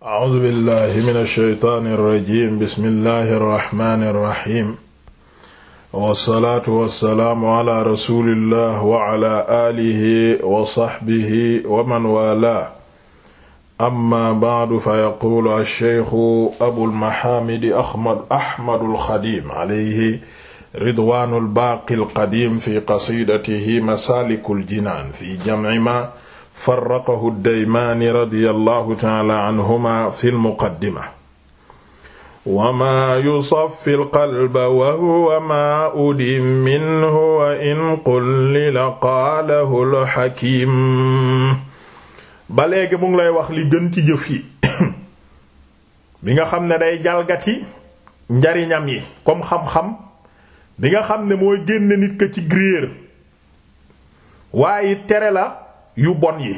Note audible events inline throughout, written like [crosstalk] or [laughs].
A'uuzu billahi mina shaytaani rajiim bismillahi rahmaani rahiim. wasalaatu wasalaamu ala rasulillah wa ala aalihi wa saxbihi wa man waalaahu. amma ba'du fa yaquulu ash-shaykhu abul mahaamidi Ahmad Ahmadul Xadiim alayhi ridwaanul baaqil qadiim fi qasiidatihi masaalikul jinaan fi jam'i maa. farraqahu ddaymaani radiyallahu taala anhuma fi lmuqaddima wa ma yusaffi lqalba wa huwa ma udim minhu wa in qullila qaalahu lxakim ba léegi mu ngi lay wax li gën ci jëf yi [coughs] bi nga xam ne day jalgati njariñam yi comme xam-xam bi nga xam ne mooy génne nit ka ci gréer waaye tere la yu bon yi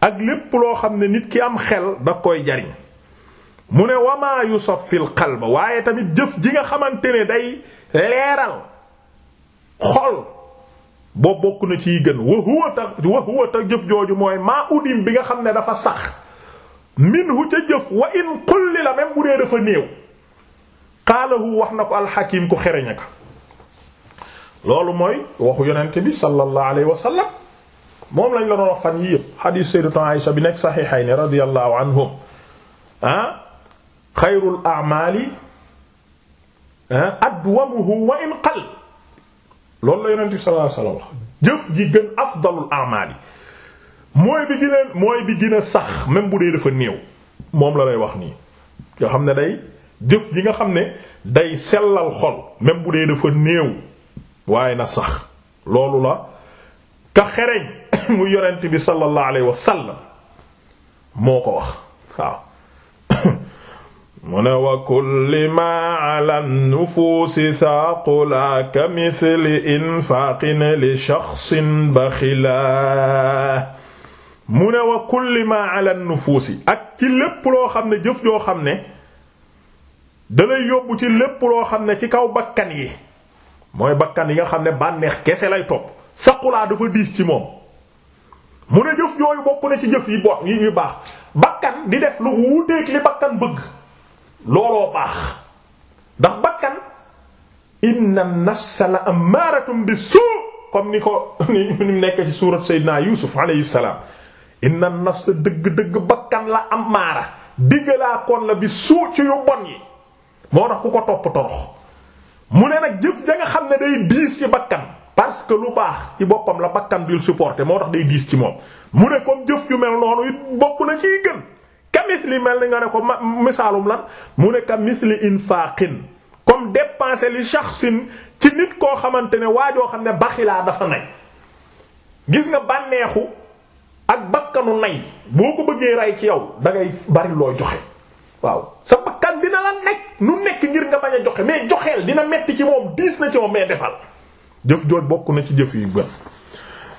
ak lépp loo xam ne nit ki am xel da koy jariñ mu ne wamaa yusaffil qalba waaye tamit jëf ji nga xamante ne day leeral xol boo bokk na ciy gën wa huwa ta wa huwa ta jëf jooju mooy maa udim bi nga xam ne dafa sax minhu ca jëf wa in qulli la même bu dee dafa néew qaalahu wax na ko alxakim ku xereña loolu mooy waxu yonent bi sallallahu alayhi moom lañ la doon wax fan yii yëpp xadiis sayyidatu Aïsha bi nekk saxiixayni radiyallahu anhum ah xayrul a'maali ah, adwamuhu wa in qal loolu la yonent bi sallallahu alayhi wasallam wax jëf ji bi gën sax même bu néew moom la lay wax nii yoo xam ne day jëf ji nga xam ne day sellal xol même bu dee dafa waaye na sax loolu la ka xereñ [coughs] mu yonent bi sallallahu alayhi wa sallam moo ko wax waaw [coughs] wa kulli ma ala nufuusi saaqula ka li shaxsin baxila mu wa kulli ma ala ak ci lépp loo xam ne jëf joo xam ne dalay yóbbu ci lépp loo xam ne ci kaw bakkan yi mooy bakkan yi nga xam ne bànneex kese lay topp saqulaa dafa diis ci moom mu ne jëf yooyu bokku na ci jëf yi bo yi baax bakkan di def lu wuuteeg li bakkan bëgg looloo baax ndax bakkan inna nafsa la ammaaratum bi suu comme ni ko [laughs] ni mu nekk ci suurat Seydina Yuusuf alayhi salaam inna nafsa dëgg-dëgg bakkan la ammaara diggalaa kon la bi suu ci yu bon yi moo tax ku ko topp torox mu ne nag jëf ja xam ne day diis ci bakkan parce que lu baax ci boppam la bakkan bil supporté moo tax day diis ci moom mu ne comme jëf ju mel noonu it bokk na ciy gën ka misli mel ni nga ne ko misaalum lan mu ne ka misli infaqin comme dépenser li shakhsin ci nit koo xamante ne waa joo xam ne baxilaa dafa nay gis nga bànneexu ak bakkanu nay boo ko bëggee rey ci yow da ngay bari loo joxe waaw sa bakkan na la nekk nu nekk ngir nga bañ a joxe mais joxeel dina metti ci moom diis na ci moom mais defal jëf jooj bokk na ci jëf yu gën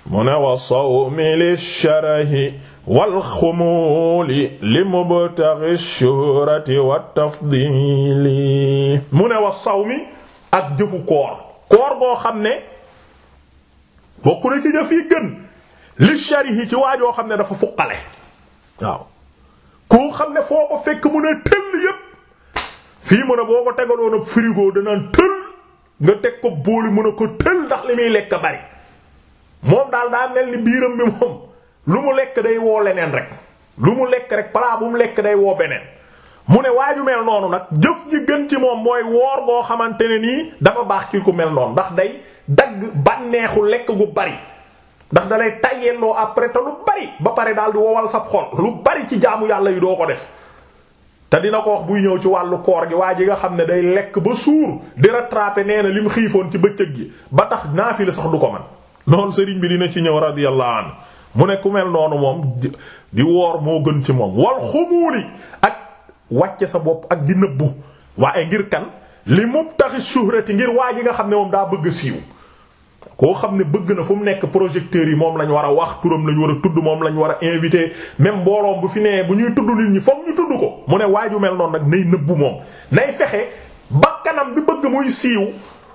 mu ne wa sawmi li sharahi wal xumuuli li mubtaxi shuhrati wa tafdili mu ne wa sawmi ak jëfu koor koor boo xam ne bokk na ci jëf yi gën li sharihi ci waajoo xam ne dafa fuqale waaw koo xam ne foo ko fekk mu ne tëll yépp fii mu ne boo ko tegaloon ab frigo danaan tëll nga teg ko booli mu ne ko tël ndax li muy lekk bari moom daal daa mel ni biiram bi moom lu mu lekk day woo leneen rek lu mu lekk rek palaa bu mu lekk day woo beneen mu ne waaju mel noonu nag jëf ji gën ci moom mooy woor goo xamante ne nii dafa baax ci ku mel noonu ndax day dagg bànneexu lekk gu bari ndax dalay tayyelloo après te lu bari ba pare daal di wowal sab xol lu bari ci jaamu yàlla yi doo ko def te dina ko wax buy ñëw ci wàllu koor gi waa ji nga xam ne day lekk ba suur di rattraper nee na lim xiifoon ci bëccëg gi ba tax naafila sax du ko man loolu sëriñ bi dina ci ñëw radiyallahu anhu mu ne ku mel noonu moom di woor moo gën ci moom wal xumuuli ak wàcce sa bopp ak di nëbbu waaye ngir kan li mubtaxi shuhrati ngir waa ji nga xam ne moom daa bëgg siiw koo xam ne bëgg na fu mu nekk projecteurs yi moom lañu war a wax turam lañ war a tudd moom lañ war a invité même mbooloom bu fi nee bu ñuy tudd nit ñi fokk ñu tudd ko mu ne waaju mel noonu nag nay nëbbu moom nay fexe bakkanam bi bëgg muy siiw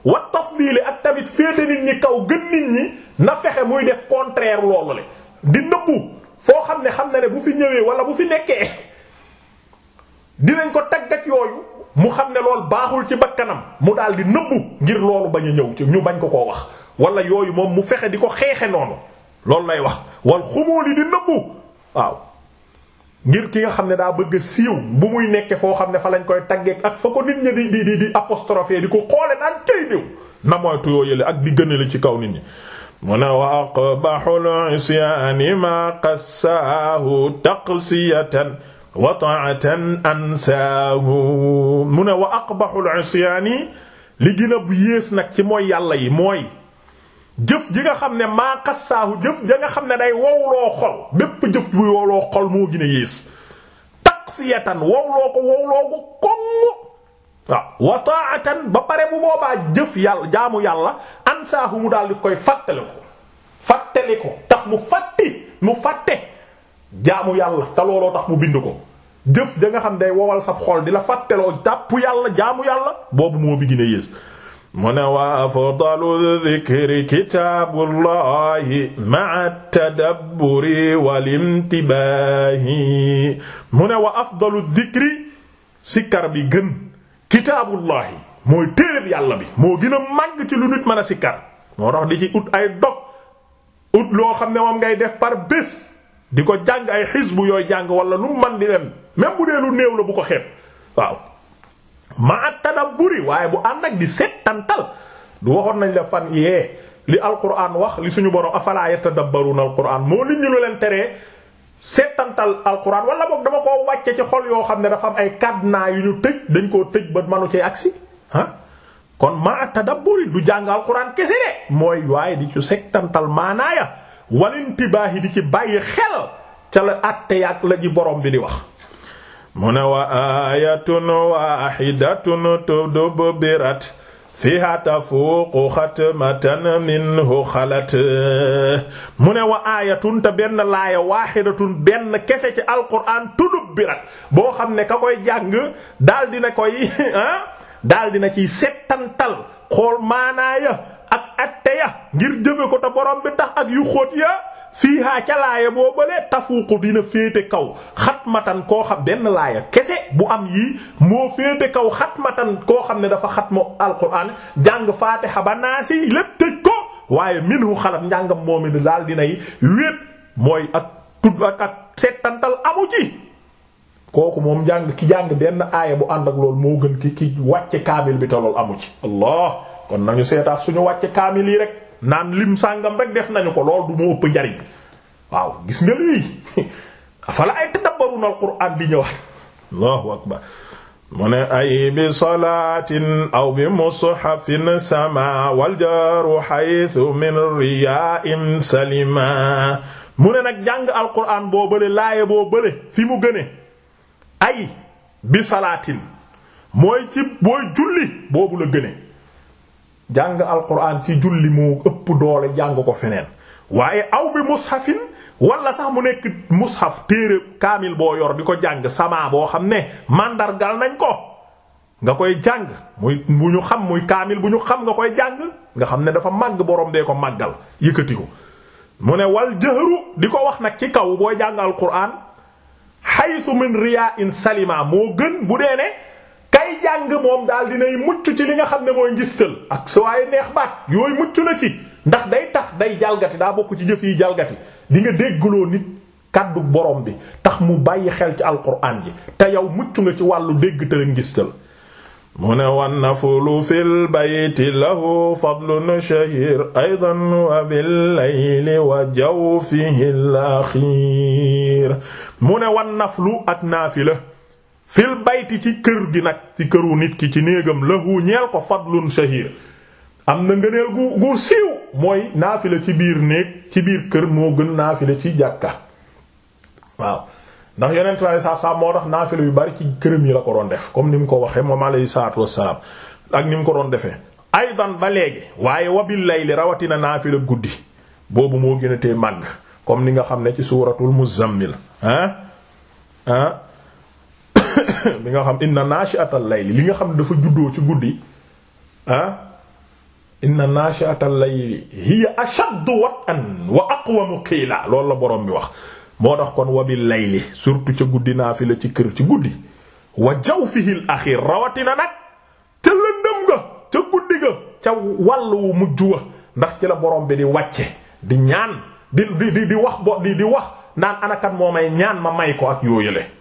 wa tafdili ak tamit féete nit ñi kaw gën nit ñi na fexe muy def contraire loolu le di nëbbu foo xam ne xam na ne bu fi ñëwee wala bu fi nekkee dinañ ko taggat yooyu mu xam ne lool baaxul ci bakkanam mu daal di nëbbu ngir loolu bañ a ñëw ci ñu bañ ko koo wax wala yooyu moom mu fexe di ko xeexe noonu loolu lay wax wal xumuuli di nëbbu waaw ngir ki nga xam ne daa bëgg a siiw bu muy nekke foo xam ne fa lañ koy taggeek ak fa ko nit ñi di di di di apostrophé di ko xoole naan cay diw na moytu yoo yële ak di gënale ci kaw nit ñi mu ne wa aqbahul isyaani ma qassaahu taqsiyatan wa ta'atan ansaahu mu ne wa aqbahul isyaani li gën a bu yées nag ci mooy yàlla yi mooy jëf ji nga xam ne maakas xassaahu jëf ja nga xam ne day wowloo xol bépp jëf bu wowloo xol moo gën a yées taqsiyatan wowloo ko wowloo ko komm waaw wa ta'atan ba pare bu boobaa jëf yàlla jaamu yàlla ansaahu mu daal di koy fàttali ko fàttali ko tax mu fàtti mu fàtte jaamu yàlla te looloo tax mu bind ko jëf ja nga xam day wowal sab xol di la fàtteloo jàpp yàlla jaamu yàlla boobu moo bi gën a yées mu ne wa afdalu dhikri kitaabullahi ne wa afdalu dhikri sikkar bi gën kitaabullahi mooy téereb yàlla bi moo gën a màgg ci lu nit mën a sikkar moo tax di ci ut ay dog ut loo xam ne moom ngay def par bés di ko jàng ay xisbu yooy jàng wala lu man di dem même bu dee lu néew la bu ko xeeb waaw maat tadabburi waaye bu ànd ak di settantal du waxoon nañ la fan yee li alquran wax li suñu borom afala yatadabbaruna alquran moo nit ñi lu leen teree setantal alquran wala boog dama koo wàcce ci xol yoo xam ne dafa am ay cadenas yu ñu tëj dañ koo tëj ba manu ci agsi ah kon maa tadabburi du jàng alquran kese de mooy waaye di ci settantal maanaaya yi di ci bàyyi xel ca la àtte yaak la ji borom bi di wax mu ne wa aayatun waahidatun tudubbirat fiha tafuuqu xatmatan minhu xalat mu ne wa aayatun te benn laaya waaxidatun benn kese ci alquran tudubbirat boo xam ne ka koy jàng daal dina koy ah daal dina ciy settantal xool maanaaya ak atte ya ngir jëfe ko te borom bi tax ak yu xot ya fiihaa ca laaya boo balee tafuuqu dina féete kaw xatmatan koo xam benn laaya kese bu am yii moo féete kaw xatmatan koo xam ne dafa xatma alquran jàng faatiha ba naasi lépp tëj ko waaye minhu xalat njàngam moom it daal dinay wéet mooy ak tudd ak ak amu ci kooku moom jàng ki jàng benn aaya bu ànd ak loolu moo gën ki ki wàcce kaamil bi te loolu amu ci allah kon nañu seetaat suñu wàcce kaamil yi rek naan lim sàngam rek def nañu ko lool du ma ëpp njariñ waaw gis nga lii [laughs] afala ay tadabbaruna alquran bi ñëwaat allahu akbar mu ne ay bi salaatin aw bi mushafin sama waljaru haythu mu ne nag jàng alquran boo bële laaye boo bële fi mu gëne ay bi salaatin mooy ci booy julli boobu la gëne jàng alquran ci julli moo ëpp doole jàng ko feneen waaye aw bi mushafin walla sax mu nekk mushaf téere kaamil boo yor di ko jàng sama boo xam ne màndargal nañ ko nga koy jàng muy bu ñu xam muy kaamil bu ñu xam nga koy jàng nga xam ne dafa màgg borom dee ko màggal yëkkati ko mu ne wal jëhru di ko wax nag ci kaw booy jàng alquran haythu min riya in salima moo gën bu dee ne kay jàng li nga xam ne mooy ngistal ak suwaayu neex baat na ci ndax day tax day jalgati daa bokk ci jëf yi jalgati di nga déggloo bi tax mu bàyyi xel ci alquran te yow mucc ci wàllu dégg te wan nafulu fil bayti lahu fadlun shahir aydan wa bil layli wa jawfihi al akhir mu ne wan ak naafila fil bayti ci kër gi nag ci këru nit ki ci néegam lahu ñeel ko fadlun shahir am na ngëneel gu gu siiw mooy naafila ci biir néeg ci biir kër moo gën naafila ci jàkka waaw ndax yonent bi alayhi salaam moo tax naafila yu bari ci këram yi la ko doon def comme ni mu ko waxee moom alayhi salaatu wassalaam ak ni mu ko doon defee aydan ba léegi waaye wabil layli rawatina naafila guddi boobu moo gën a màgg comme ni nga xam ne ci suuratul muzammil ah ah [coughs] li nga xam inna nashi'atal layli li nga xam dafa juddoo ci guddi ah inna nashi'atal layli hiya ashaddu wat'an wa aqwamu qiila loolu la borom bi wax moo tax kon wabil layli surtout ca guddi naa fi la ci kër ci guddi wa jawfihil axir rawatina nag ca lëndëm nga ca guddi ga ca wàll wu mujj wa ndax ci la borom bi di wàcce di ñaan di di di wax bo di di wax naan anakat moo may ñaan ma may ko ak yooyule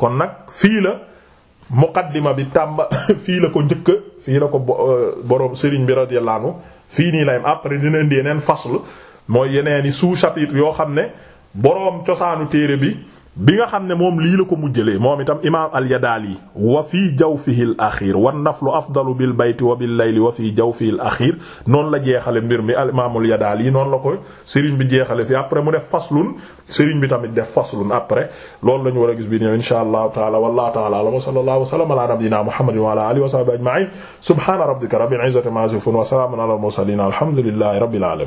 kon nag fii la muqaddima bi tàmba [coughs] fii la ko njëkk fii la ko euh, borom Serigne bi radiyallahu anhu fii nii lay après dina indi yeneen faslu mooy yeneen i sous-chapitre yoo xam ne boroom cosaanu téere bi. bi nga xam ne moom lii la ko mujjëlee moom itam imaam al-Yadaali wa fii jawfihi al-axiir wan naflu afdalu bil bayti wa bil layli wa fii jawfihi al-axiir noonu la jeexale mbir mi al-imaam al-Yadaali noonu la ko sëriñ bi jeexale fii après mu def faslun sëriñ bi tamit def faslun après loolu la ñu a gis bi ñëw inshaa Allahu taala wallahu taala wa sallallahu wa wa ala alihi wa mursaliin alhamdulillahi rabbil aalamiin